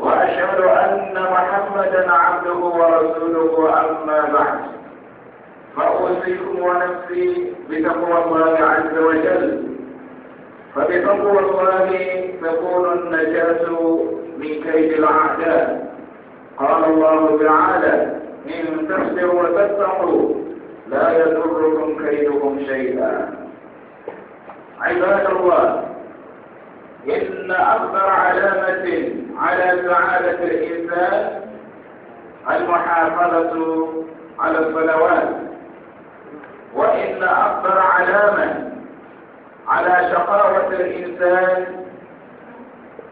وأشهد أن محمدا عبده ورسوله أما بعد فأوصيكم ونفسي بتقوى الله عز وجل فبتقوى الله تكون النجاة من كيد الأعداء قال الله تعالى إن تصبروا وتتقوا لا يضركم كيدهم شيئا عباد الله إن أكثر علامة على سعادة الإنسان المحافظة على الصلوات وإن أكثر علامة على شقاوة الإنسان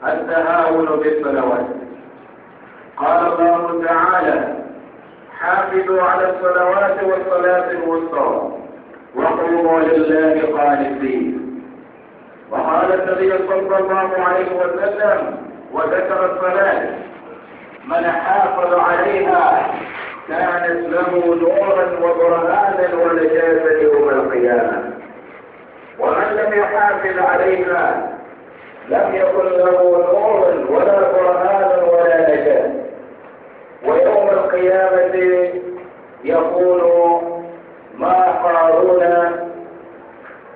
التهاون بالصلوات قال الله تعالى حافظوا على الصلوات والصلاة الوسطى وقوموا لله قانتين وقال النبي صلى الله عليه وسلم وذكر الصلاة من حافظ عليها كانت له نورا وبرهانا ونجاة يوم القيامة ومن لم يحافظ عليها لم يكن له نور ولا برهان ولا نجاة ويوم القيامة يقول ما قارون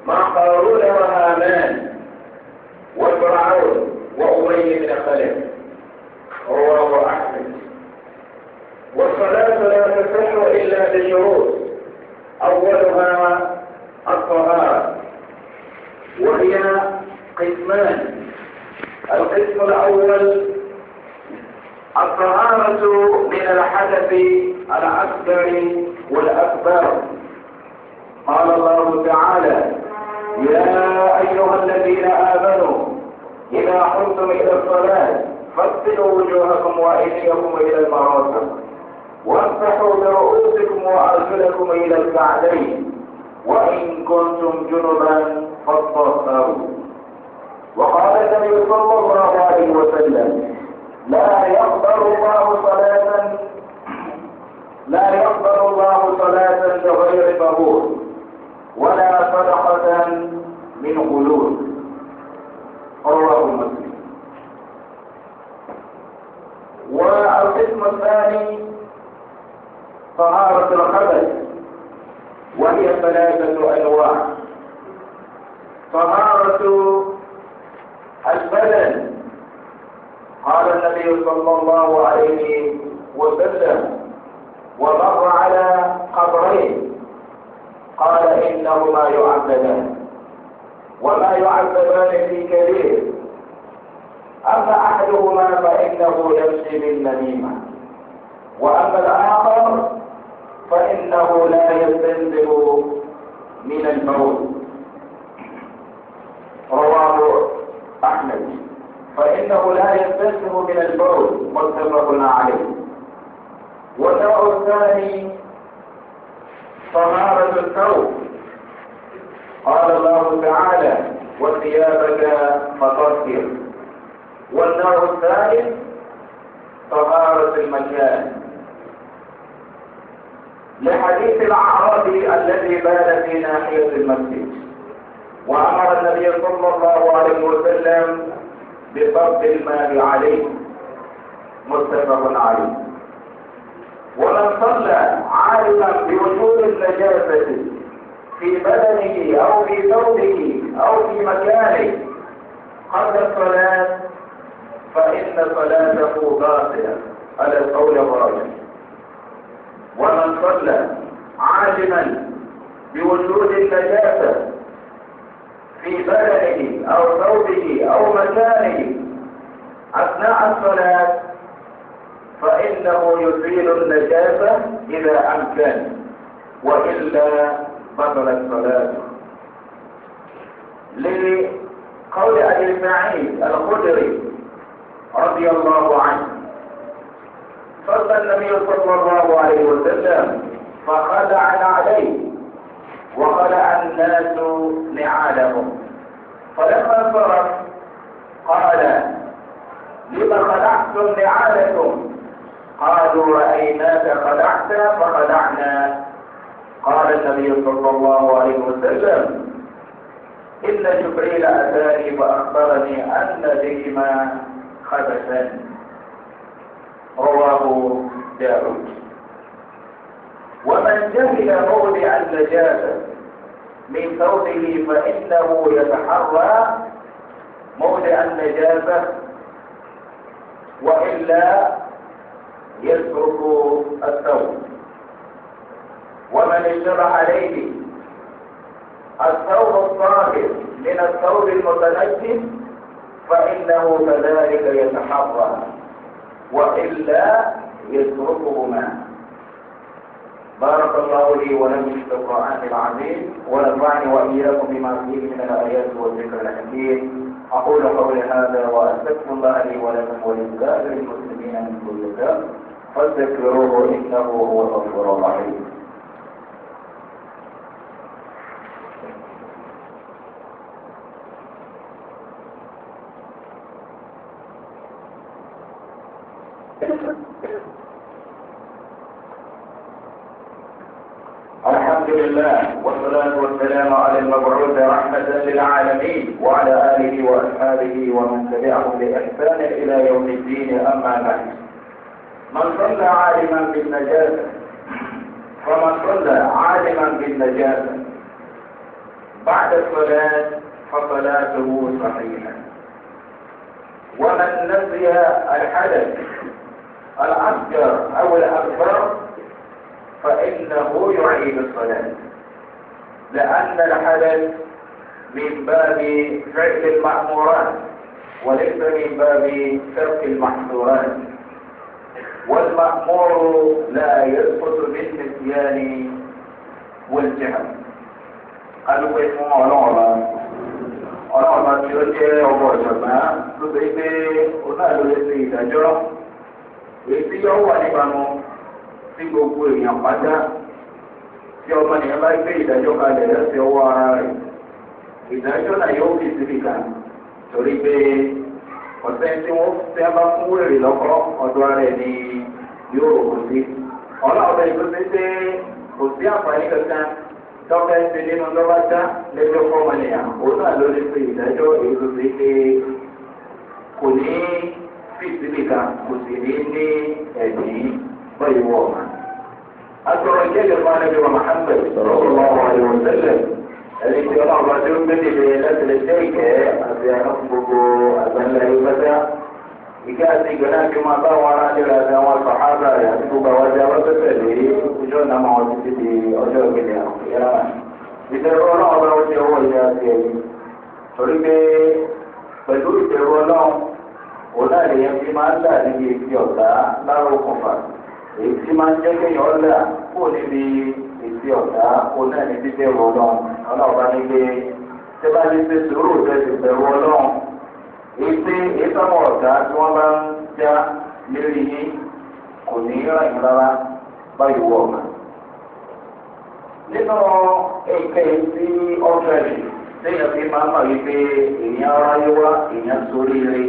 ما قارون وهامان والفرعون وأمية بن خلف رواه أحمد والصلاة لا تصح إلا بشروط أولها الطهارة وهي قسمان القسم الأول الطهارة من الحدث الأكبر والأكبر قال الله تعالى يا أيها الذين آمنوا إذا حمتم إلى الصلاة فاغسلوا وجوهكم وأيديكم إلى المرافق وامسحوا برؤوسكم وأرجلكم إلى الكعبين وإن كنتم جنبا فاطهروا وقال النبي صلى الله عليه وسلم لا يقبل الله صلاة لا يقبل الله صلاة لغير مهور ولا صدقة من غلول الله مسلم والقسم الثاني طهارة الخبث وهي ثلاثة أنواع طهارة البدن قال النبي صلى الله عليه وسلم ومر على قبرين قال إنهما يعذبان وما يعذبان في كبير أما أحدهما فإنه يمشي بالنميمة وأما الآخر فإنه لا يستنزل من الموت رواه أحمد فإنه لا يستنزل من الموت متفق عليه والنوع الثاني طهارة الثوب قال الله تعالى وثيابك فطهر والنوع الثالث طهارة المكان لحديث الأعرابي الذي بال في ناحية المسجد وأمر النبي صلى الله عليه وسلم بفرض المال عليه متفق عليه ومن صلى عالما بوجود النجاسة في بدنه أو في ثوبه أو في مكانه قبل الصلاة فإن صلاته باطلة على القول الراجح ومن صلى عالما بوجود النجاسة في بدنه أو ثوبه أو مكانه أثناء الصلاة فإنه يزيل النجاسة إذا أمكن وإلا بطلت الصلاة لقول أبي سعيد الخدري رضي الله عنه صلى النبي صلى الله عليه وسلم فخلع عليه وخلع الناس نعالهم فلما صرف قال لما خلعتم نعالكم قالوا رأيناك خدعت فخدعنا قال النبي صلى الله عليه وسلم إن جبريل أتاني فأخبرني أن بهما خبثا رواه داود ومن جهل موضع النجاسة من ثوبه فإنه يتحرى موضع النجاسة وإلا يترك الثوب ومن اشتبه عليه الثوب الطاهر من الثوب المتنجس فإنه كذلك يتحرى وإلا يتركهما بارك الله لي ولكم في القرآن العظيم ونفعني وإياكم بما فيه من الآيات والذكر الحكيم أقول قولي هذا وأستغفر الله لي ولكم ولسائر المسلمين من كل ذنب فاستغفروه إنه هو الغفور الرحيم Thank you. لله والصلاة والسلام على المبعوث رحمة للعالمين وعلى آله وأصحابه ومن تبعهم بإحسان إلى يوم الدين أما بعد من صلى عالما بالنجاسة فمن صلى عالما بالنجاسة بعد الصلاة فصلاته صحيحة ومن نسي الحدث الأصغر أو الأكبر فإنه يعيد الصلاة لأن الحدث من باب فعل المأمورات وليس من باب ترك المحظورات والمأمور لا يسقط بالنسيان والجهل قالوا بإسم الله العظم العظم كيف يجعل الله جرم ويسي هو لبنه sí gbogbo èèyàn pátá tí ọmọ nìyẹn bá gbé ìdájọ́ kalẹ̀ lọ́sẹ̀ ọwọ́ ara rẹ̀ ìdájọ́ náà yóò fi síbi kan torí pé ọ̀sẹ̀ tí wọ́n fẹ́ bá fún wèrè lọ́kọ́ ọ̀dọ́ ara ẹ̀ ni yóò rò kó sí ọlọ́ọ̀bẹ ìgbésẹ̀ pé kò sí àǹfààní kankan tọ́ka ẹsẹ̀ nínú lọ́ba dá lẹ́jọ́ fọ́mọnìyàn òun náà ló lè pe ìdájọ́ èyí tó ṣe pé kò ní fìsílì kan kò sì ní ní ẹ̀dín báyìí wọ̀ ọ̀ma. Asọ̀rọ̀ ìjẹ́jẹ̀ fún Anabi wa Muhammad sọ̀rọ̀ ọ̀lọ́wọ́ àdéhùn tẹ́lẹ̀. Ẹni tí ọlọ́run bá tó ń gbé níbi láti lè jẹ́ ìkẹ́ àti àwọn gbogbo àgbàlá yìí bá dá. Ìkẹ́ àti ìgbẹ́lá kí máa bá wọn aráàlú rẹ̀ àti àwọn àfàhàbà rẹ̀ àti gbogbo àwọn ajá wọn tẹ́tẹ̀ lé ọjọ́ náà máa wọn títí di ọjọ́ ìgbìlẹ̀ àwọn ìyára. Ìbẹ̀rù ọlọ́run bá wọ́n ti ọwọ́ ìyá àti ẹ̀yìn. Torí pé pẹ̀lú ìbẹ̀rù ọlọ́run, òun náà lè yẹn fi máa ń dà níbi ìfi ọ̀tá lára okùnfà èyí tí máa ń jẹ́ kéèyàn ọ̀là kó níbi ìsì ọ̀tá kó náà ní bíbẹ̀ wọ ọlọ́run ọlọ́run bá ní pé ṣé bá ní pé sùúrù rẹ̀ ti bẹ̀rù ọlọ́run èyí pé èyí táwọn ọ̀tá tí wọ́n bá ń já lérí yín kò ní ràn yín rárá báyìí wọ̀ ọ̀gá. nínú ẹ̀ka èyí tí ọ̀fẹ́ rẹ̀ lẹ́yìn fi máa ń mọ̀ wípé èèyàn aráyé wá èèyàn sórí rẹ̀.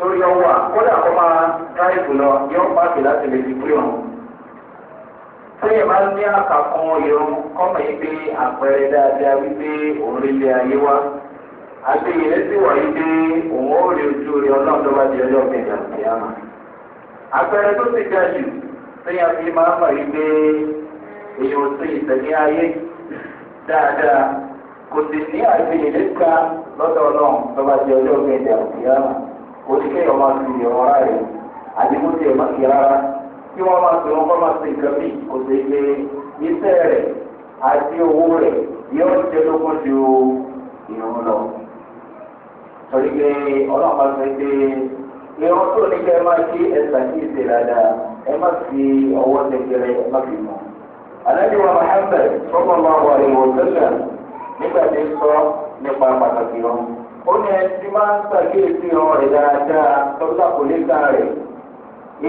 lórí ọwọ́ à kódà kó máa táìpù lọ yọ pàṣẹ láti lè fi pé òun. sẹ́yìn bá ní àkàkùn irun kọ́mọ̀ yìí pé àpẹẹrẹ dáadáa wípé òun lè lé ayé wá. àti ìyẹn sì wà yìí pé òun ó rí ojú rí ọlọ́run tó bá di ọjọ́ kẹjà sí àmà. àpẹẹrẹ tó ti ga jù sẹ́yìn àfi máa mọ̀ yìí pé èèyàn ò sí ìtẹ̀lé ayé dáadáa kò sì ní àti ìlẹ́ka lọ́dọ̀ ọlọ́run tó bá di ọjọ́ kẹjà sí àmà kò ní kéèyàn máa fi ìyàn ọ̀rá rẹ̀ àdìgbò tiẹ̀ má kí rárá kí wọ́n máa fi wọn kọ́ máa fi nǹkan bíi kò sí pé iṣẹ́ rẹ̀ àti owó rẹ̀ yóò jẹ́ lógún ju ìrùn lọ. torí pé ọlọ́pàá sọ pé irun tó ní kẹ́ ẹ máa kí ẹ̀sà kí ìṣe dáadáa ẹ má fi ọwọ́ tẹ̀gẹ̀rẹ̀ ẹ má fi mọ̀. alájọba Muhammad fọwọ́ máa wà ìwọ̀n sẹ́sẹ̀ nígbà tí ń sọ nípa pàtàkì ọ̀hún ó ní ẹni tí máa ń ṣàkíyèsí irun rẹ̀ dáadáa tọ́lá kò ní ká rẹ̀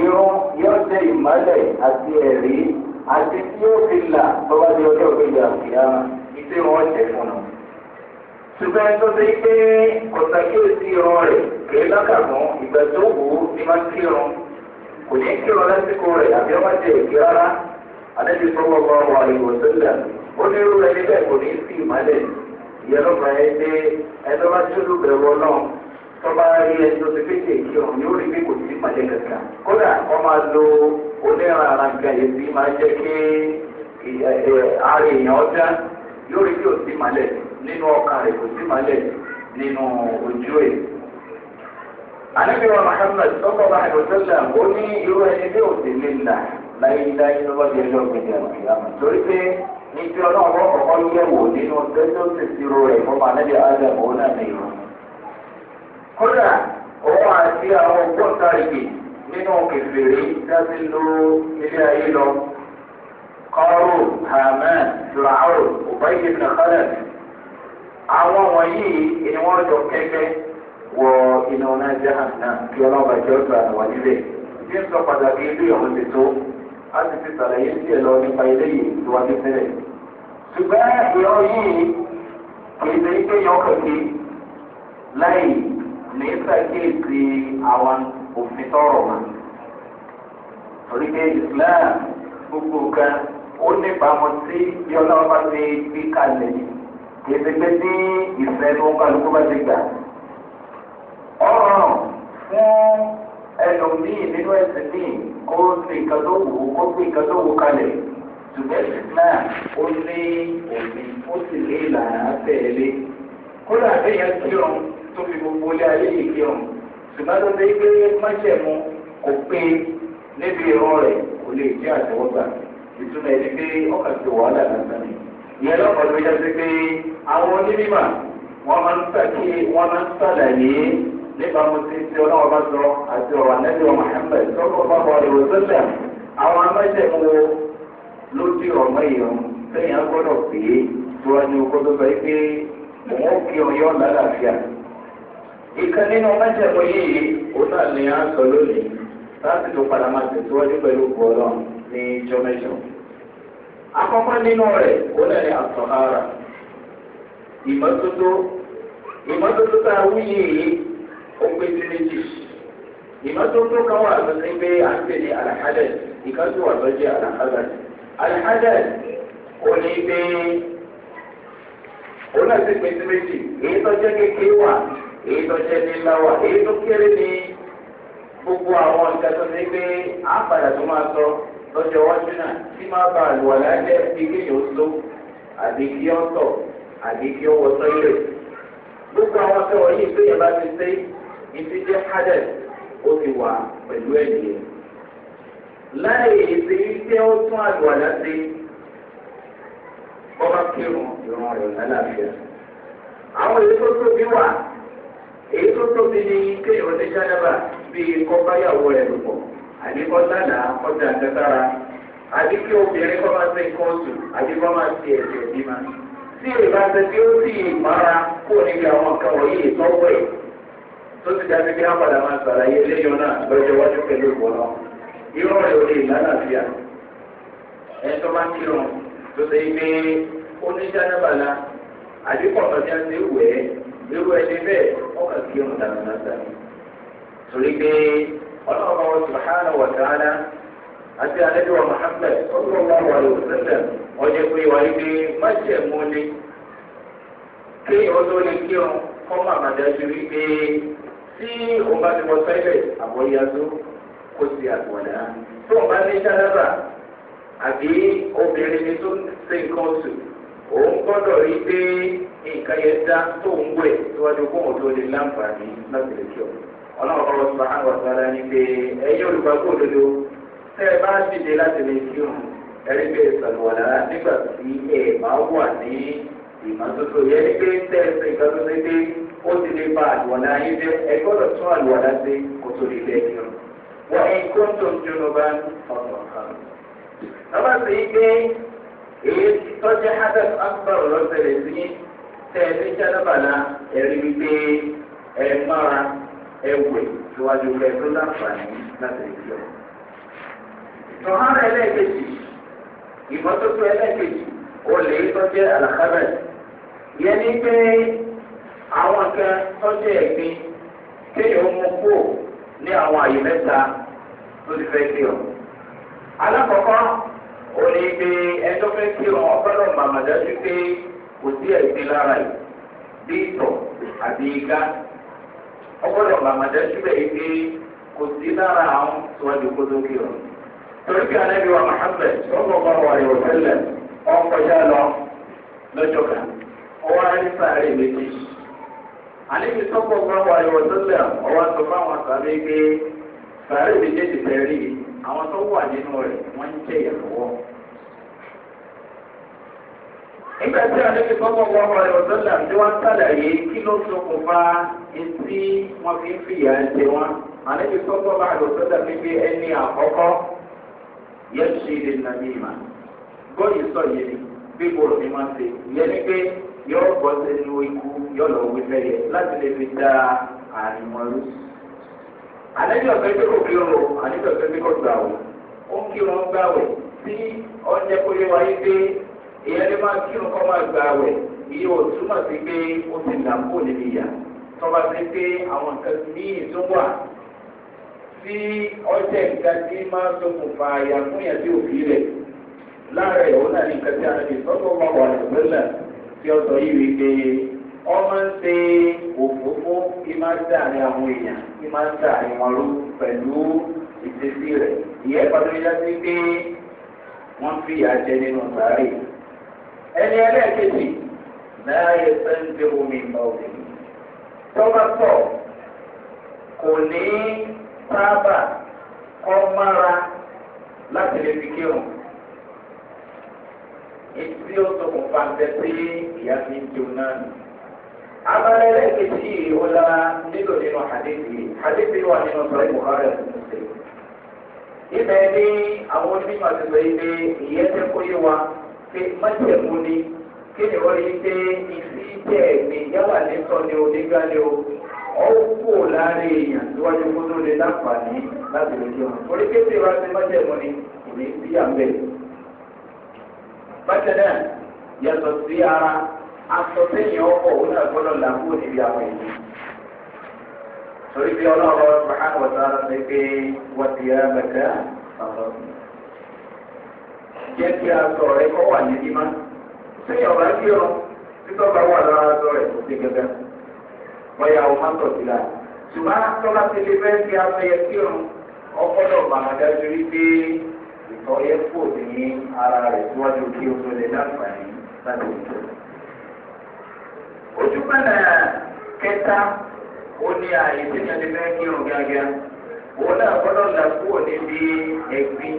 irun yóò jẹ́ ìmọ́lẹ̀ àti ẹ̀rí àti tí ó fi là tó bá di ọjọ́ òkèèjì àfìyà ìṣe wọn jẹ fún un. ṣùgbọ́n ẹni tó ṣe pé kò ṣàkíyèsí irun rẹ̀ kìí lákàtún ìgbà tó wù ú ni máa ń kírun kò ní kírun lásìkò rẹ̀ àbí ọmọ jẹ èké rárá àdébìsọ́wọ́ bá wà ìwòsílẹ̀ onírúurú ẹni bẹ́ẹ̀ kò ní sí ìmọ́lẹ̀ yẹlò fà yẹ pé ẹni bá tún bẹ̀rù ọlọ́run tọ́ba rí ẹni tó ti pété kí òun yóò rí pé kò sí pàdé kankan kódà wọ́n máa lo oníran ara nǹkan yìí bí máa jẹ́ kí ara èèyàn ọjà yóò rí pé kò sí màlẹ̀ nínú ọkàn rẹ̀ kò sí màlẹ̀ nínú ojú ẹ̀. anábìyàn muhammed sọ́kọ̀ bá àgbẹ̀ sọ́jà ó ní irú ẹni bí òsì lè là láyé láyé lọ́wọ́ bí ẹjọ́ gbẹ̀dẹ̀ àmọ́ torí pé ní tí ọlọ́run bọ́ kọ́kọ́ yẹ̀wò nínú tẹ́tọ́ tẹ̀síro rẹ̀ fún mànẹ́bí adam òun náà ní irun. kódà òun àti àwọn ògbóǹtarìgì nínú kẹfìrí dábí ló ilé ayé lọ. kọ́rù haman fìlàáwò òbáyé nàkàlẹ̀. àwọn wọ̀nyí ni wọ́n jọ kẹ́kẹ́ wọ inú náà jẹ́ hàn kí ọlọ́run bá jẹ́ ọ̀gbà wà níbẹ̀. bí ń sọ pàtàkì ilé ọ̀hún ti tó a sì ti sàlàyé díẹ̀ lọ nípa eléyìí tó wá kékeré. ṣùgbọ́n ìran yìí kì í ṣe ike yan kẹ̀kẹ́ láì ní sàkíyèsí àwọn òfin tọrọ mọ́. torí pé Islam gbogbo kan ó níbàámu sí bí ọlọ́wọ́ bá ti gbé kalẹ̀ yìí kì í ṣe pé ní ìfẹ́ ló ń kálukú bá ti gbà. ọ̀rọ̀ fún ẹlòmíì nínú ẹsẹ̀ míì kó fi nǹkan tó wù kó fi nǹkan tó wù kalẹ̀ ṣùgbẹ́sì náà ó ní òfin ó sì ní ìlànà àtẹ̀lé kódà bẹ́yẹn kírun tó fi gbogbo ilé ayé yìí kírun ṣùgbọ́n tó dé pé májẹ̀mú kò pé níbi ìran rẹ̀ kò lè jẹ́ àtẹ̀wọ́gbà ìtumọ̀ ẹni pé ọkàn ti wàhálà lásán ni ìyẹn lọ́kọ̀ọ́ ló yẹ sí àwọn onímọ̀ wọ́n máa ń sàkíyè wọ́n máa ń sàlàyé nípa mo ti ti ọlọ́wọ́ bá sọ àti ọ̀rọ̀ anẹ́bí ọmọ ẹ̀mẹ́ sọ́kọ́ bá bọ̀ ọ̀rọ̀ sílẹ̀ àwọn amẹ́jẹ̀mú ló di ọmọ èèyàn sẹ́yìn agbọ́dọ̀ pé tiwájú kótó sọ pé òun ó kí ọyọ́ lálàáfíà. ìkan nínú amẹ́jẹ̀mú yìí ó náà ní à ń sọ lónìí láti tó padà máa tẹ̀síwájú pẹ̀lú bọ̀ọ̀lọ́ ní jọmẹ́jọ. akọ́kọ́ nínú rẹ̀ ó náà ní àtọ̀ ìmọ́tótó ìmọ́tótó tá a wúyè yìí ó pé sí méjì ìmọ́tótó kan wà ló sí pé à ń tẹ̀lé àlàhádẹ̀ ìkánjú wà lọ́jẹ́ àlàhádẹ̀ àlàhádẹ̀ kò ní pé òun náà sì pé sí méjì èyí tó jẹ́ kékeré wà èyí tó jẹ́ nílá wà èyí tó kéré ní gbogbo àwọn nǹkan tó ní pé á padà tó máa sọ lọ́jọ́ iwájú náà tí máa bá àlùwà lájẹ́ bí kéèyàn ló àbí kí ó tọ̀ àbí kí ó wọ sọ́yẹ̀. gbogbo àwọn tó wọ̀nyí tó yẹ bá ti ṣe ìfi jẹ́ hadẹ̀ o ti wà pẹ̀lú ẹ̀yẹ. láì èsì wípé ó tún àlùwàlá sí ọba kírun ìran rẹ̀ lálàáfíà. àwọn èyí tó tóbi wà èyí tó tóbi ní kéèyàn ní sáyẹ́bà bíi kọ́báyàwó rẹ̀ lòpọ̀ lánàá obìnrin kọ́ máa ṣe máa ṣe ẹ̀jẹ̀ bímọ. tí ìbáṣe tí ó sì kó níbi àwọn wọ̀nyí ìtọ́wọ́ ẹ̀. tó ti dàbí kí wọ́n padà máa ṣàlàyé eléyìí náà lọ́jọ́ iwájú pẹ̀lú ìwọ́nà irú ọ̀rẹ́ òde ìlànàfíà ẹ̀ tó máa ń kírun tó ṣe pé oníṣẹ́nàbàlà àdìpọ̀ ọ̀dẹ́ ti wẹ̀ ẹ́ irú ẹni bẹ́ẹ̀ ọkà kírun dàgbàdàgbà torí pé ọlọ́run ọ̀rọ̀ sùhánà wàtàlá àti àlejò Muhammad ọdún ọgbà wà ló sẹ́lẹ̀ ọjọ́ pé wà ní pé má jẹ́ mú ni kí ọdún ní kírun kọ́ màmá dájú wípé tí o bá ti wọ sẹ́lẹ̀ àbọ̀yàtó kó ti àtọ̀dá tó òun bá ní sálábà àbí obìnrin ni tó ṣe nǹkan oṣù òun gbọ́dọ̀ rí pé nǹkan yẹn dá tó ń wẹ̀ síwájú kó òun tó di láǹfààní láti lè kí ọlọ́run kọ́ lọ́sùn máa ń wà sára pé ẹ̀yin olùgbàgbọ́ òdodo tẹ́ ẹ bá dìde láti lè kí ẹ̀rí pé ìsọ̀lùwàlá nígbà tí ẹ̀ máa wà ó ti lè ba àlùwàlá yín jẹ́ ẹ gbọ́dọ̀ tún àlùwàlá sí kó tó lè lẹ́yìn rẹ̀. wọ́n ẹ̀ kó ń tó ń jóná bá ọ̀sán kan. bàbá sì ń gbé èyí tọ́jú hadith akbar lọ́sẹ̀lẹ̀ sí tẹ̀lé jálábàlá ẹ̀rí wípé ẹ̀ mára ẹ̀ wẹ̀ síwájú rẹ̀ tó láǹfààní láti lè fi ọ̀. tọ̀hánà ẹlẹ́ẹ̀kejì ìmọ́tótó ẹlẹ́ẹ̀kejì ó lè tọ́jú àlàkábẹ̀ yẹn ní pé àwọn kan tọ́jú ẹ̀gbin kéèyàn mú kú ní àwọn àyè mẹ́ta tó ti fẹ́ kí ọ. alákọ̀ọ́kọ́ òní pé ẹjọ́ fẹ́ kí ọ ọgbọ́dọ̀ màmàdájú pé kò sí ẹ̀gbin lára yìí bí ìtọ̀ àbí igá ọgbọ́dọ̀ màmàdájú bẹ́ẹ̀ pé kò sí lára àwọn tíwájú kó tó kí ọ. torí pé anábì wa muhammed sọ́kọ̀ ọmọ wa yóò fẹ́lẹ̀ ọkọ̀ yá lọ lọ́jọ́ kan ọwọ́ àrísà rẹ̀ méjì àlébi sọ́kọ̀ máa wà ìwọ̀ sọ́sẹ̀ ọwọ́ sọ fún àwọn àtàlẹ́ pé sàárè méjèèjì tẹ̀rí àwọn tó wà nínú rẹ̀ wọ́n ń jẹ́ ìyàwó. nígbà tí àlébi sọ́kọ̀ máa wà ìwọ̀ sọ́sẹ̀ àti wọ́n sàlàyé kí ló ṣokùnfà etí wọ́n fi ń fìyà jẹ wọn àlébi sọ́kọ̀ máa ìwọ̀ sọ́sẹ̀ pípé ẹni àkọ́kọ́ yẹ́n ṣe lè nà mí mà gbọ́ yóò bọ́ sínú ikú yóò lọ wí fẹ́yẹ láti lè fi dá àìmọ̀ lù. àlejò ọ̀fẹ́ tó kò kí o àlejò ọ̀fẹ́ tó kò gbà o ó ń kí wọn gbà wẹ̀ tí ọ̀njẹ́ kó yẹ wáyé pé èèyàn lè máa kí wọn kọ́ máa gbà wẹ̀ iye ò túmọ̀ sí pé ó ti là ń kó níbi ìyá tọ́ba sí pé àwọn nǹkan ní ìtúwà tí ọ̀jẹ̀ nǹkan tí máa ń sokùnfà àyà fún yàtí òfin rẹ̀ láàárẹ̀ òun náà ní nǹkan tí a ti sọ́kọ̀ wọn wà lọ́lẹ̀ tí ó sọ yìí wípé ọmọ ń ṣe òfófó kí máa ń dà ní àwọn èèyàn kí máa ń dà ní wọn ló pẹ̀lú ìṣesí rẹ̀ ìyẹn pàtó yíyá sí pé wọ́n fi àjẹ nínú sàárè ẹni ẹlẹ́ẹ̀kejì láàyè sẹ́ńdé omi ìgbà òbí kò ní sábà kọ́ mára láti lè fi kírun etí ó tó kún fàǹtẹ sí ìyá fi ń jẹun náà nù. abalẹ̀ nílò nínú hadithi hadithi wà nínú sọ̀rọ̀ buhari àti ibẹ̀ ni àwọn onímọ̀ ti sọ yìí pé ìyẹn tẹ́ kó yé wa pé mọ́tẹ̀mú ni kí ni wọ́n yí pé ìsí tẹ̀ mí yálà nítọ́ ni o nígbà ni o ọ̀pọ̀ láàrin èèyàn síwájú kó tó lè láǹfààní láti lè jẹun. orí kéde wa bákan náà yàtọ̀ sí ara aṣọ sẹ́yìn ọkọ̀ òun náà gbọ́dọ̀ là kúrò níbi àwọn èyí. torí bí ọlọ́run subahán wọ̀tá ṣe pé wọ́n ti yára bẹ̀kẹ́ àtọ̀ jẹ́ kí aṣọ rẹ kọ́ wà ní bímá sẹ́yìn ọ̀bá kí ọ títọ́ bá wà lára aṣọ rẹ̀ kò sí gẹ́gẹ́ wọ́n yà wọ́n má sí láti ṣùgbọ́n tọ́lá ti lè fẹ́ kí aṣọ yẹ kí ọ ìtọ̀ yẹ kó ní ara rẹ̀ síwájú kí o tó lè láǹfààní láti ìjọ. ojúmọ̀nà kẹta ó ní ààyè sínú ẹni fẹ́ kí irun gángan òun náà gbọ́dọ̀ là kúrò níbi ẹ̀gbin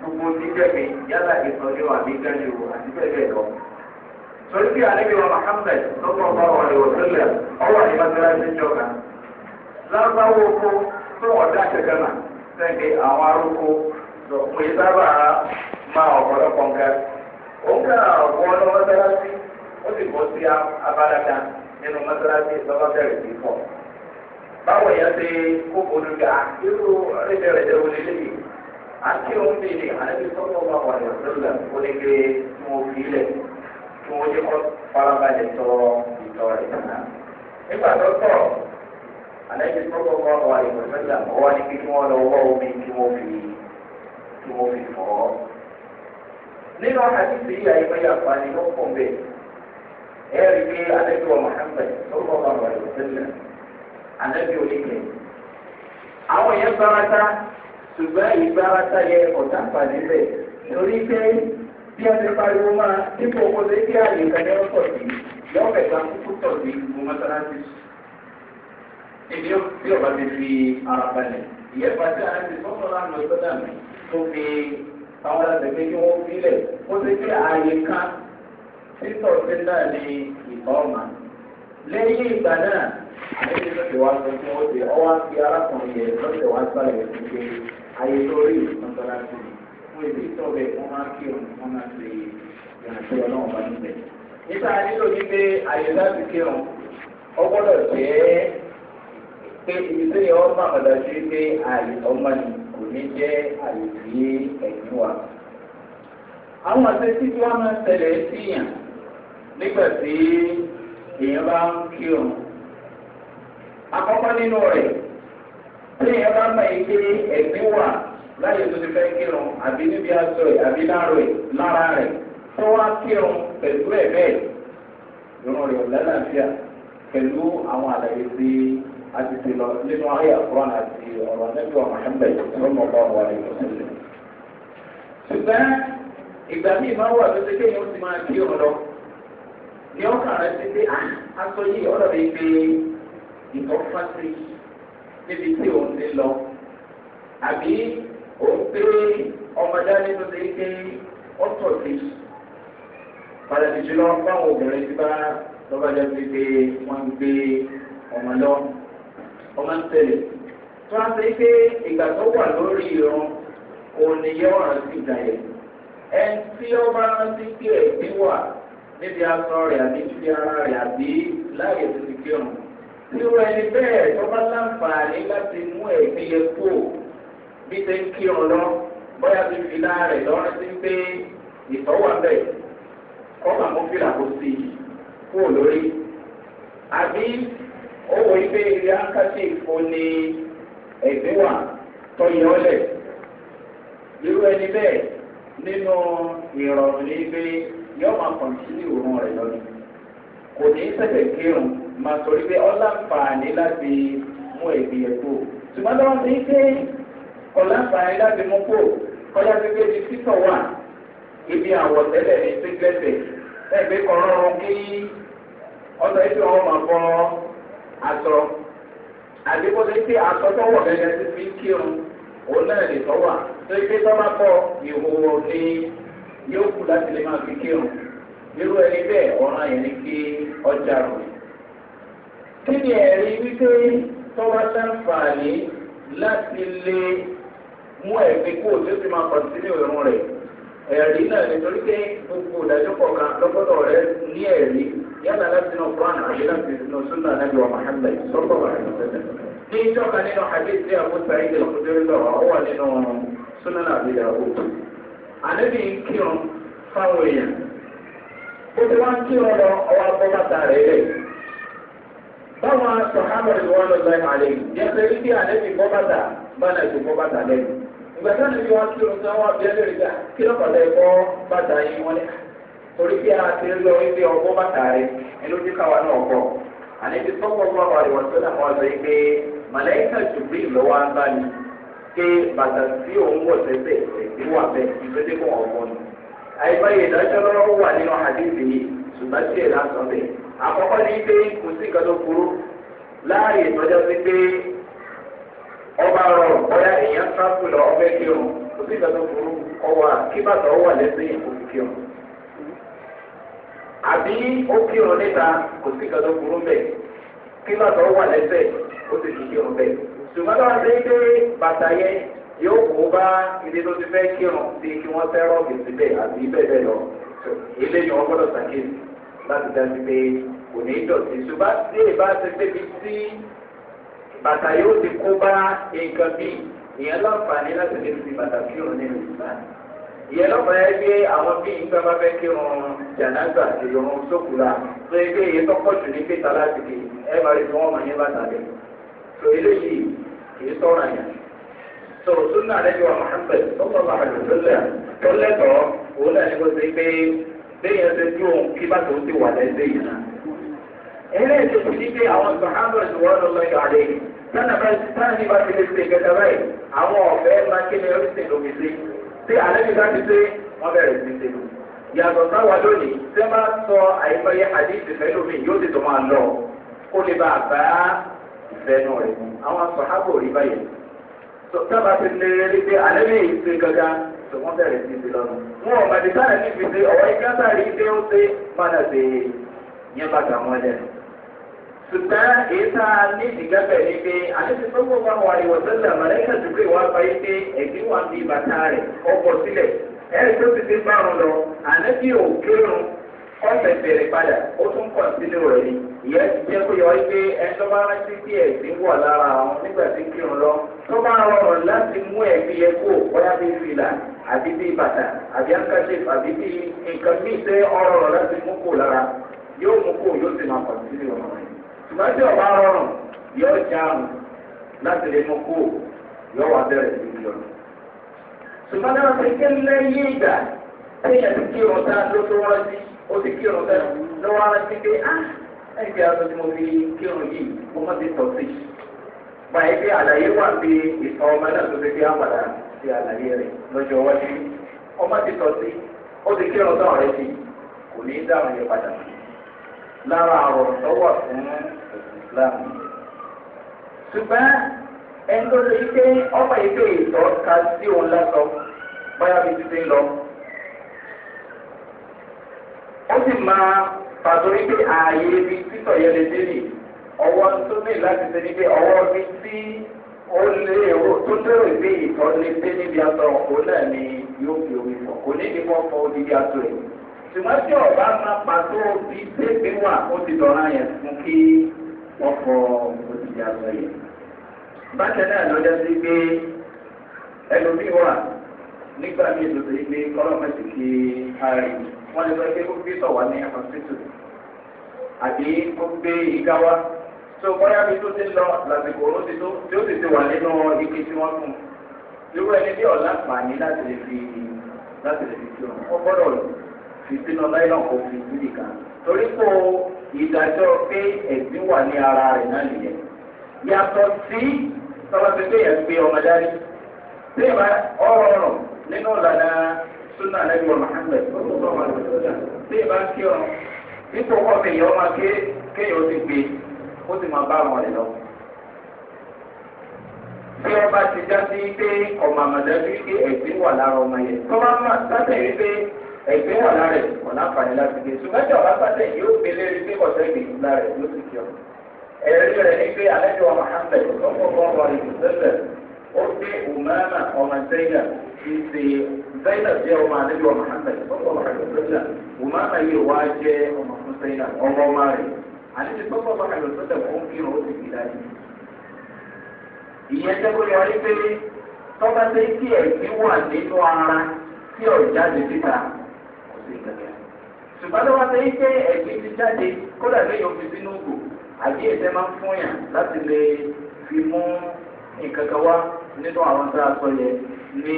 gbogbo níjẹ̀bi yálà ìtọ́jú àbí gánjú àti bẹ́ẹ̀ bẹ́ẹ̀ lọ. sọ̀rọ̀ bí alẹ́bí wa muhammed lọ́kọ̀ ọba wa lè wọ̀sílẹ̀ ọwọ́ àyèmọ́tẹ́lá ti ń jọba. lárúbáwò oko tó wọ́n dá àṣẹ gánà sẹ́ńdé àwọn aróko lọ́pọ̀ ìsábà máa ọ̀pọ̀lọpọ̀ nǹkan. òun kà ọ̀pọ̀ ọ̀nà mọ́sálásí ó sì bọ́ sí abáradá nínú mọ́sálásí ìsọ́kọ́ bẹ̀rẹ̀ sí kọ́. báwo yẹn ṣe kó bodò gà irú ẹ̀rẹ́dẹ̀rẹ̀ dẹ̀wò lélẹ́yìí. àti òun bì ní àlejò sọ́kọ́ wà wà ní ọ̀dọ́là ó ní pé kí wọ́n fi ilẹ̀ kí wọ́n jẹ́ kọ́ farabalẹ̀ tọrọ ìtọ́ rẹ̀ náà. nígbà tó tọ̀ àlejò sọ́kọ́ wà wà ní ọ̀dọ́là ọwọ́ ní kí wọ́n lọ wọ́ omi kí wọ́n fi tí mo fi kàn ọ́. nínú àdìsí yìí àyíkáyà àǹfààní ló pọ̀ bẹ́ẹ̀ ẹ̀rí pé ànábì wa muhammed tó kọ́ bá wà lọ sílẹ̀ ànábì oníkẹ́. àwọn èèyàn gbárata ṣùgbọ́n ìgbárata yẹ ọ̀tá àǹfààní bẹ́ẹ̀ lórí pé bí a ti pariwo máa dípò owó lé bí àyè ìkàlẹ́ ọ̀tọ̀ sí lọ́ọ̀bẹ̀ kan kúkú tọ̀ sí gbogbo mọ́sálásí èmi yóò fi ọba mi fi ara balẹ̀ ìyẹ́pàá tí a ti sọ́kọ̀ lánàá ìgbọ́dọ̀ mi tó fi àwọn alábẹ̀gbẹ́ kí wọ́n filẹ̀ ó ti fi ààyè kan títọ̀ sí náà ní ìbọ́ọ̀mà lẹ́yìn ìgbà náà àyè tó ti wá sọ fún wọn pé ọwọ́ fi arákùnrin yẹn lọ́sẹ̀ wá sálẹ̀ yẹn fún pé ààyè tó rí ìmọ̀tọ́lásì fún èdè ìtọ́bẹ̀ wọn máa kí òun wọn máa ṣe ìrìnàjò ọlọ́run bá níbẹ̀. nígbà nílò yí pé àyè láti kírun ọgbọ́dọ̀ jẹ́ pé ibi tó yẹ ọ́ máa padà sí pé àyè kò ní jẹ́ àyè ẹ̀yìn wa. àwọn títí wọn máa ń tẹ̀lé síyàn nígbà tí èèyàn bá ń àkọ́kọ́ nínú rẹ̀ tí èèyàn bá mọ̀ yìí pé wà láyé tó ti fẹ́ kírun àbí níbi aṣọ àbí lára rẹ̀ tó àti ti lọ nínú ayé àkùrán àti ọ̀rọ̀ nẹ́bí wa Muhammad lọ́mọ bá wà ní ìlú. ṣùgbọ́n ìgbà tí ìmọ̀ wà tó ṣe kéèyàn ó ti máa kí òun lọ ni ọkàn rẹ̀ ti pé ah, aṣọ yìí ọ̀rọ̀ rẹ̀ pé ìtọ́ fásitì níbi tí òun ti lọ àbí òun pé ọmọdé nínú ṣe pé ọ̀tọ̀ ti padà ti jùlọ báwọn obìnrin ti bá lọ́bàjọ́ ti pé wọ́n gbé ọmọ lọ́wọ́ ọmọ ń tẹ̀lé tó a sẹ́ pé ìgbà tó wà lórí irun òní yẹ wà rántí ìgbà yẹn ẹni tí ó bá rántí pé ẹ̀gbín wà níbi aṣọ rẹ̀ àbí níbi ara rẹ̀ àbí láàyè tó ti kírun irú ẹni bẹ́ẹ̀ tó bá láǹfààní láti mú ẹ̀gbín yẹn kú bí ṣe ń kírun lọ bóyá ti fi láàrẹ̀ lọ́rùn sí pé ìtọ́wà bẹ́ẹ̀ kọ́ màmú fìlà kó sí i lórí àbí O wọ ibi ilé ankasi òní ẹ̀dínwà tọ́yìn ọ̀lẹ̀ irú ẹni bẹ́ẹ̀ nínú ìrọ̀rùn ní ibi yóò máa kọ̀ǹtínú òórùn rẹ̀ lọ́dún kò ní sẹ̀sẹ̀ kírun máa sọ wípé ọ̀làǹfààní láti mú ẹ̀bí ẹ̀ kú ṣùgbọ́n lọ́wọ́ pé láti mú kú kọjá ti títọ̀ wà ibi àwọ̀tẹ́lẹ̀ ní kí máa aṣọ àbí kó lè pé aṣọ tó wọ̀ gẹ́gẹ́ sí fi kírun òun náà lè tọ́wà tó ike tó bá kọ ìhòòhò ní yóò kú láti lè máa fi kírun irú ẹni bẹ́ẹ̀ ọ̀ràn yẹn ni kí ọjà rò. kí ni ẹ̀rí wípé tọ́wọ́ sáǹfààní láti lè mú ẹ̀mí kó o ti máa kọ̀ọ̀tínú ìrún rẹ̀? ẹ̀rí náà nítorí pé gbogbo ìdájọ́ kọ̀ọ̀kan lọ́gbọ́dọ̀ rẹ ní ẹ̀rí yálà láti nà kúránà àti láti nà súnà nàbí wa Muhammad sọ́kọ̀ wà ní sẹ́sẹ̀. ní ìjọba nínú hadith ní Abu Sa'id al-Khudri lọ́wọ́ ó wà nínú súnà nàbí ìyàwó. ànábì ń kírun fáwọn èèyàn. gbogbo wa ń kírun lọ ọwọ́ abọ́ bàtà rẹ̀ rẹ̀. báwọn sọ̀hámọ̀ ìwọ́n lọ́gbà gbẹ̀sẹ̀ níbi wọn kí lóun sáwọn abẹ́lẹ̀ rẹ̀ gbà kí ló pàdé ẹ̀kọ́ bàtà yìí wọlé torí bí a ti lọ ilé ọgbọ́n bàtà rẹ̀ ẹ ló dé káwa náà kọ́ àníbi sọ́kọ̀ fún àwọn àríwá tó dàmọ́ ọ̀sẹ̀ yìí pé màlẹ́kà jùbí lọ́wọ́ á bá mi pé bàtà tí òun wọ̀ sẹ́sẹ̀ ẹ̀sìn wà bẹ́ẹ̀ ìgbésẹ̀ kò wọ́n wọ́n ni. àìbáyé ìdájọ́ lọ́wọ́ wà nínú àdéhùn yìí ṣùgbọ́n tí èèyàn sọ bẹ́ẹ̀ àkọ́kọ́ ni pé kò sí ìkàtó ọba rọrùn bóyá èèyàn sáfù lọ ọbẹ̀ kí o kò sí ìgbà tó burú ọwọ́ àkíbàtà ọwọ́ lẹ́sẹ̀ kò sí kí o. àbí ó kí o níta kò sí ìgbà tó burú bẹ́ẹ̀ kíbàtà ọwọ́ lẹ́sẹ̀ ó sì kí o bẹ́ẹ̀. ṣùgbọ́n tó wá sí pé bàtà yẹn yóò kó bá ilé tó ti fẹ́ kí o sí kí wọ́n fẹ́ rọ́ọ̀gì síbẹ̀ àbí bẹ́ẹ̀ bẹ́ẹ̀ lọ. ilé yẹn wọ́n gbọ́dọ̀ sàkíyèsí láti dá sí pé kò ní í dọ̀tí ṣùgbọ́n bàtà yóò ti kó bá nǹkan bíi ìyẹn lọ́nfààní láti lè fi bàtà kí òun nínú ìgbà ìyẹn lọ́nfààní yẹn gbé àwọn bíi nǹkan bá fẹ́ kí wọn jàǹdà ìlú wọn sókùlà tó yẹ pé èyí tó pọ̀ jù ní pété aláàbìkì ẹ máa rí fún ọmọ yẹn bàtà rẹ̀ tó eléyìí kì í sọ̀rọ̀ àyàn tó sunna rẹ̀ yọ Muhammad tọ́kọ̀ bá rẹ̀ tó lẹ́tọ̀ọ́ eléyìí tó ti pé àwọn sọ̀hábà ni wọ́n lọ lọ́yọ̀ àlẹ́ yìí sáàni bá ti lè ṣe gẹ́gẹ́ báyìí àwọn ọ̀fẹ́ máa kí ni oríṣi lómi sí tí àlẹ́ mi bá ti ṣe wọ́n bẹ̀rẹ̀ sí ṣe yàtọ̀ sáwà lónìí tí wọ́n bá sọ àìmọye àdéhùn ìfẹ́ lómi yóò ti tó máa lọ kó lè bá a bá ìfẹ́ náà rẹ̀ àwọn sọ̀hábà ò rí báyìí sábà ti lè rí pé àlẹ́ mi ṣe gẹ́gẹ́ tó wọ́n bẹ̀rẹ̀ sí ṣe wọn ò ṣùgbọ́n èyí tá a ní ìdígbàgbẹ́ ni pé àdéhùn tó gbọ́ wọn wàlẹ̀ wọ̀sẹ̀lẹ̀ mọ̀lẹ́kà dùgbò ìwà báyé pé ẹ̀gbí wà ní bàtà rẹ̀ ọkọ̀ sílẹ̀ ẹ̀rí tó ti fi márùn lọ ànábì òkèrún ọ̀sẹ̀ bẹ̀rẹ̀ padà ó tún kọ̀ sínú rẹ̀ ni ìyá ti jẹ́ pé ọ pé ẹjọ́ bá rántí bí ẹ̀sìn wọ̀ lára àwọn nígbà tí kírun lọ tó bá rọrùn láti mú ẹ̀mí yẹ kó bóyá bí fìlà àbí bí bàtà àbí àǹkàṣe àbí bí nǹkan míì tẹ́ ọ̀rọ̀ láti mú kó lára yóò mú kó yóò sì máa kọ̀ sínú rẹ̀ ṣùgbọ́n tí ọba rọrùn yóò já àrùn láti lè mú kó yóò wá bẹ̀rẹ̀ sí i lọ́nà. ṣùgbọ́n náà ṣe ké lẹ́yìn ìgbà téèyàn ti kírun tá ló tó rántí ó ti kírun bẹ́ẹ̀ ló wá rántí pé á ah, ẹ̀yìn bí aṣọ tí mo fi kírun yìí mo mọ̀ sí tọ́ sí. báyìí pé àlàyé wà pé ìtàn ọmọ náà tó fi fi àpàdà sí àlàyé rẹ̀ lọ́jọ́ wájú ọmọ ti tọ́ sí ó ti kírun táwọn rẹ̀ sí kò ní í dáhùn yẹn padà sí lára ọ̀rọ̀ tó wà fún islam. ṣùgbọ́n ẹni tó ṣe pé ọba ìgbé ìtọ́ ka sí òun lásọ báyà bí ti ṣe lọ. ó sì máa pàtó wípé ààyè ibi títọ̀ yẹn lè dé nì ọwọ́ tó ní láti ṣe ni pé ọwọ́ bí tí ó lé èrò tó lérò pé ìtọ́ lè dé níbi aṣọ òun náà ni yóò fi omi fọ̀ kò ní ìdí mọ́ fọ odidi aṣọ ẹ̀ ṣùgbọ́n tí ọba máa pàtó bí pépé wà ó ti dọ̀rọ̀ yẹn fún kí wọ́n fọ òtìjà lọ yẹn. bákan náà lọ́jọ́ sí pé ẹlòmíì wà nígbà míì tó ṣe pé kọ́lọ́mẹ̀tì kí ari wọ́n lè sọ pé ó gbé sọ̀wá ní hospital àbí ó gbé ìga wá tó bóyá bí tó ti lọ lásìkò ó ti tó tí ó sì ti wà nínú ike tí wọ́n fún un irú ẹni bí ọ̀la pàní láti lè fi láti lè fi kí wọn ó gbọ́dọ̀ lò fìtínà láyé náà kò fi sí nìkan torí kò ìdájọ́ pé ẹ̀sìn wà ní ara rẹ̀ náà nìyẹn yàtọ̀ sí sọlọ́pẹ́pẹ́ yẹn pé ọmọ dárí bí ìbá ọ̀rọ̀ ọ̀rọ̀ nínú ìlànà súnà lẹ́yìn ọ̀nà àgbẹ̀ bí ìbá kí ọ nípò kọ́ mi yọ ọmọ ké kéèyàn ti gbé ó sì máa bá wọn lọ. bí ọba ti já sí pé ọmọ àmàdájú pé ẹ̀sìn wà lára ọmọ yẹn tọ́ba ẹgbẹ́ ọ̀la rẹ̀ ọ̀la fani láti gbé ṣùgbọ́n ẹ̀jọ̀ bá pàṣẹ yóò gbélé rí pé ọ̀sẹ̀ ìgbè ìlú rẹ̀ yóò ti jọ. ẹ̀rí rẹ̀ ní pé alẹ́jọ́ mohammed lọ́kọ̀ọ́kọ́ ọ̀rẹ́ ìgbésẹ̀ ó dé umama ọmọ zayna ti ṣe zayna jẹ́ ọmọ alẹ́jọ́ mohammed lọ́kọ̀ọ́kọ́ ìgbésẹ̀ umama yìí wá jẹ́ ọmọ fún zayna ọmọ ọmọ rẹ̀ alẹ́jọ́ lọ́kọ̀ọ́kọ́ ìgbésẹ̀ fún kí ó ti fi láyé. sí kankan ṣùgbọ́n tó wá sọ yìí pé ẹ̀gbin ti jáde kódà lẹ́yìn sínú àbí máa ń fún yàn láti lè fi mú nǹkan kan wá nínú àwọn tó a sọ yẹn ní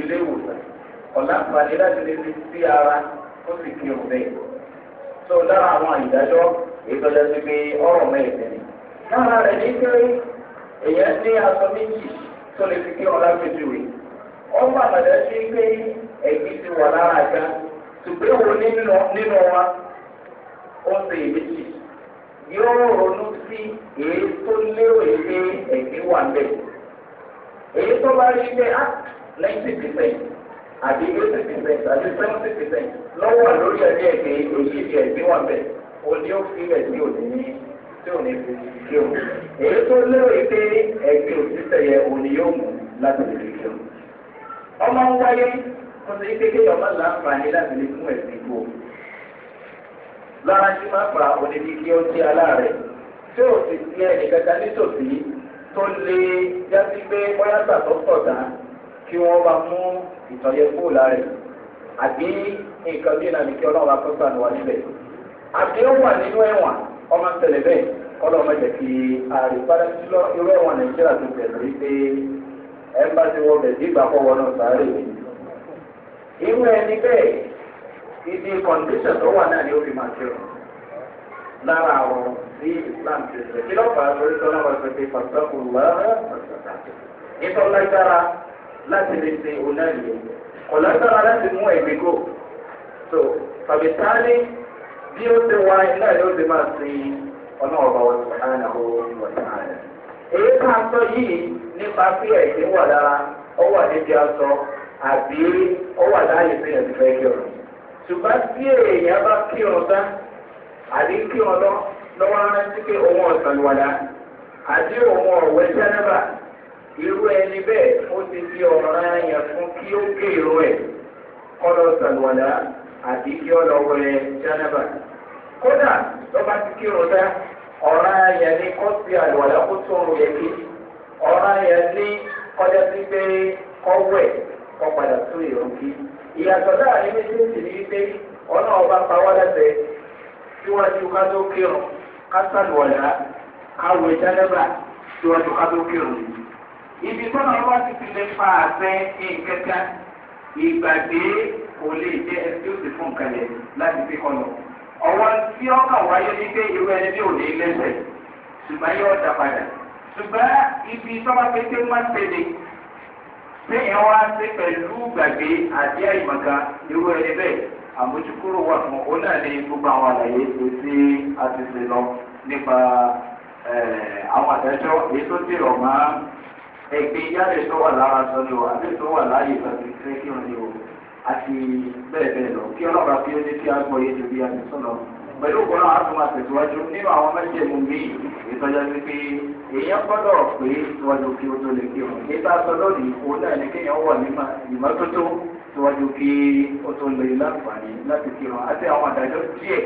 ilé ìwòsàn ọ̀làǹfààní láti lè fi sí ara ó sì kí o bẹ́ẹ̀. tó lára àwọn ìdájọ́ ìtọ́jà ti fi ọ̀rọ̀ mẹ́ẹ̀ẹ́dẹ́ ni. lára rẹ̀ ní pé èèyàn ní aṣọ méjì tó lè fi kí ṣùgbọ́n wo nínú wa ó ń ṣe ìbéjì yóò ronú sí èyí tó lérò ilé ẹ̀mí wà ń bẹ̀. èyí tó bá rí pé á ah, ninety percent àbí eighty percent àbí seventy percent lọ́wọ́ lórí ẹ̀mí ẹ̀mí èyí ti ẹ̀mí wà ń bẹ̀ òní ó fi ẹ̀mí òní ní tí òní fi kí o. èyí tó lérò ilé ẹ̀mí òtítẹ̀ yẹ òní yóò mú láti lè fi kí o. ọmọ ń wáyé wọ́n ti kékeré ọmọ làǹfààní láti lè fún ẹ̀sìn kú. lára tí máa fà onídìí kí ó jẹ́ aláàrẹ̀ tí ò sì sí ẹnì kankan nítòsí tó lè jásí pé bóyá gbà tó sọ̀dá kí wọ́n bá mú ìtọ́yẹ kúrò lára ẹ̀ àbí nǹkan bí ìlànà kí ọlọ́run akọ́sà ni wà níbẹ̀. àbí ó wà nínú ẹ̀wọ̀n ọmọ tẹ̀lé bẹ́ẹ̀ ọlọ́run mẹ́jẹ̀ kí àrípadà sí irú ẹ̀wọ̀n nàìjíríà tó bẹ̀rẹ̀ wípé ẹ̀ ń bá ti wọ bẹ̀ dígbà kọ́ wọnú sàárè yìí. irú ẹni bẹ́ẹ̀ ibi kọ̀ǹdíṣàn tó wà náà ni ó fi máa ṣe lára àwọn sí islam ti sọ kí lọ́pàá lórí tọ́lá wà pé pàṣẹkù lọ́rọ́ nítorí lágbára láti lè ṣe láti mú ẹ̀mí gò so tàbí táálí bí ó ti wá iná yóò ti máa sin ọ̀nà ọ̀bà wọn sọ̀rọ̀ àwọn ọ̀sán. èyí tá a sọ yìí nípa pé ẹ̀sìn wà lára ọ wà láàyè pé ẹ̀ fẹ́ kí ọ̀rọ̀ ṣùgbọ́n tí èèyàn bá kí ọ̀rọ̀ tán àbí kí ọ̀rọ̀ lọ́wọ́ rántí pé òun ọ̀sán wàdà àti òun ọ̀wẹ́ sẹ́nẹ́bà irú ẹni bẹ́ẹ̀ ó ti fi ọ̀ràn yẹn fún kí ó gé irú ẹ̀ kọ́lọ̀ sàlùwàdà àti kí ọlọ́wẹ́ sẹ́nẹ́bà kódà lọ́ba ti kí ọ̀rọ̀ tán ọ̀ràn yẹn ní kó ti àlùwàdà kó tó ọ̀rọ̀ yẹn kí ọ̀ràn yẹn ní kọjá sí pé kọ́wẹ́ kọ́ padà tó ìrùn kí. ìyàtọ̀ láàrin méjèèjì ni wípé ọ̀nà ọba pawọ́ lẹ́sẹ̀ síwájú ká tó kírun ká sàlùwọ̀lá ká wọ síwájú ká tó kírun. ibi tó náà wá sí ti lè fa àṣẹ ìkẹta ìgbàgbé kò lè jẹ́ ẹsíọ́sì fún kalẹ̀ láti fi kọ́ lọ. ọ̀wọ́ tí ọkàn wáyé ní pé irú ẹni bí ò ní lẹ́sẹ̀ ṣùgbọ́n yóò dá padà ṣùgbọ́n ibi tọ́wọ́ pété máa ń tẹ̀lé téèyàn wá sí pẹ̀lú gbàgbé àti àyùmọ̀ká irú ẹni bẹ́ẹ̀ àmójúkúrò wà fún òun náà ní gbogbo àwọn àlàyé èsì àtìsí lọ nípa àwọn àdájọ́ èyí tó ti rọ̀ mọ́ ẹgbẹ́ yálẹ̀ tó wà lára sọ ni o àbí tó wà láàyè tàbí fẹ́ kí wọ́n ni o àti bẹ́ẹ̀ bẹ́ẹ̀ lọ kí ọlọ́run àti ẹni tí a gbọ́ yé ju bí a ti pẹ̀lú ògbọ́nà àtúmọ̀ àtẹ̀síwájú nínú àwọn mẹ́jẹ̀mú míì ìtọ́jà sí pé èèyàn gbọ́dọ̀ pé síwájú kí o tó lè kí o kí tá a sọ lónìí kó náà ní kéèyàn wà ní ìmọ́tótó síwájú kí o tó lè láǹfààní láti kí o àti àwọn àdájọ́ díẹ̀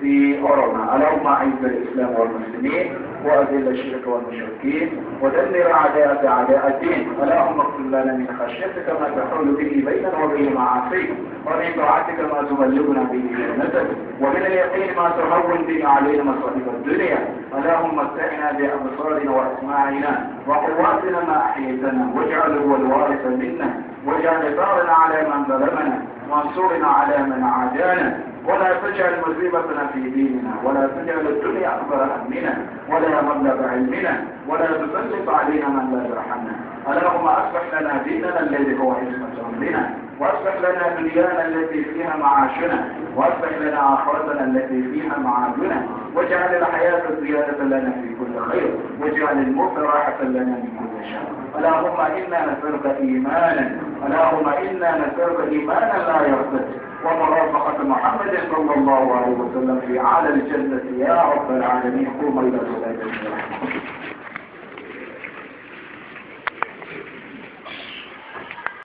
في على اللهم أعز الإسلام والمسلمين وأذل الشرك والمشركين ودمر أعداء أعداء الدين اللهم اغفر لنا من خشيتك ما تحول به بيننا وبين معاصيك ومن طاعتك ما تبلغنا به جنتك ومن اليقين ما تهون به علينا مصائب الدنيا اللهم متعنا بأبصارنا وأسماعنا وقواتنا ما أحييتنا واجعله الوارث منا واجعل ثارنا على من ظلمنا وانصرنا على من عادانا ولا تجعل مصيبتنا في ديننا ولا تجعل الدنيا أكبر همنا ولا مبلغ علمنا ولا تسلط علينا من لا يرحمنا اللهم أصلح لنا ديننا الذي هو عصمة أمرنا واصلح لنا دنيانا التي فيها معاشنا واصلح لنا آخرتنا التي فيها معادنا واجعل الحياة زيادة لنا في كل خير واجعل الموت راحة لنا من كل اللهم إنا نسألك إيمانا اللهم إنا نسألك إيمانا لا يرتد ومرافقة محمد صلى الله عليه وسلم في عالم الجنة يا رب العالمين قوم إلى صلاة